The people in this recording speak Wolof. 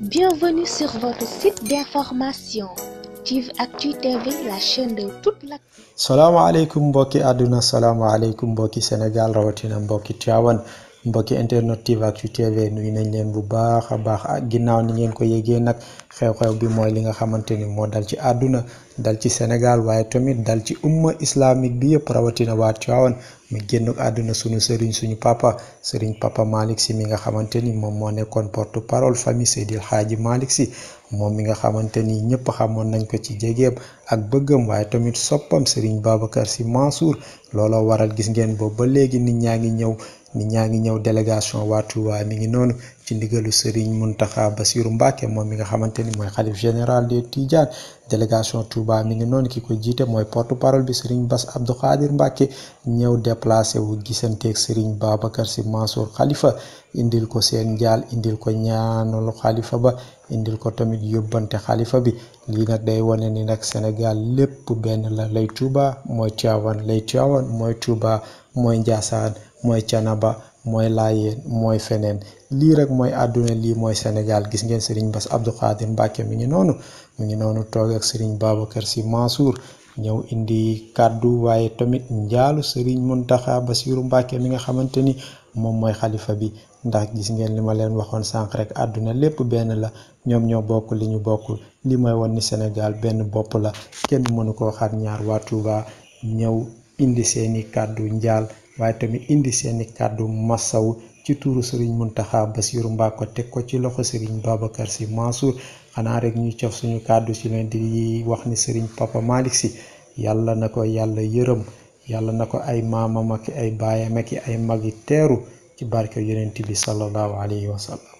Bienvenue sur votre site d'information Tivactu TV la chaîne de toute la. salaamaaleykum mbokki àdduna salaamaaleykum mbokki Sénégal rawatina mbokki Tivaouane. mbokki internet Tivactu TV nuyu nañ leen bu baax a baax ak ah, ginnaaw ni ngeen ko yégee nag xew-xew bi mooy li nga xamante ni moo dal ci àdduna dal ci Sénégal waaye tamit dal ci umma islamique bi yëpp rawatina waa Tiwaawan mu génn àdduna suñu sëriñ suñu papa sëriñ papa Malick si mi nga xamante ni moom moo nekkoon porte parole famille Seydil xaaji Malick si moom mi nga xamante ni ñëpp xamoon nañ ko ci jegeem ak bëggam waaye tamit soppam sëriñ Babacar Sy Mansour looloo waral gis ngeen boobu ba léegi nit ñaa ngi ñëw nit ñaa ngi ñëw délégation waa Touba mi ngi noonu ci ndigalu Serigne Mountakha Bassirou Mbacké moom mi nga xamante ni mooy xalif général des Tidianes délégation Touba mi ngi noonu ki ko jiite mooy porte parole bi Serigne Bass Abdou Khadir Mbacké ñëw déplacé wu gisanteeg Serigne Babacar Sy Mansour xalifa indil ko seen njaal indil ko ñaanalu xalifa ba indil ko tamit yóbbante xalifa bi lii na day wone ni nag Sénégal lépp benn la lay Touba mooy Tivaouane lay Tivaouane mooy Njaasaan mooy Canaba mooy Laayeen mooy feneen lii rek mooy àdduna lii mooy senegaal gis ngeen Serigne Bass Abdou Khadir Mbacke mi ngi noonu mu ngi noonu toog ak Serigne Babacar Sy Mansour ñëw indi kàddu waaye tamit njaalu Serigne Mountakha basiiru Mbacke mi nga xamante ni moom mooy xalifa bi ndax gis ngeen li ma leen waxoon sànq rek àdduna lépp benn la ñoom ñoo bokk li ñu bokkul li may won ni Sénégal benn bopp la kenn mënu koo xar ñaar waa Touba ñëw. indi seeni kàddu njaal waaye tamit indi seeni kàddu masawu ci tuuru Serigne Mountakha Bassirou Mbacké teg ko ci loxo Serigne Babacar Sy Mansour xanaa rek ñuy cof suñu kàddu ci leen di wax ni Serigne Papa Malick Sy yàlla na ko yàlla yërëm yàlla na ko ay maamam ak ay baayam ak ay magi teeru ci barke yonent bi sallallahu alayhi wa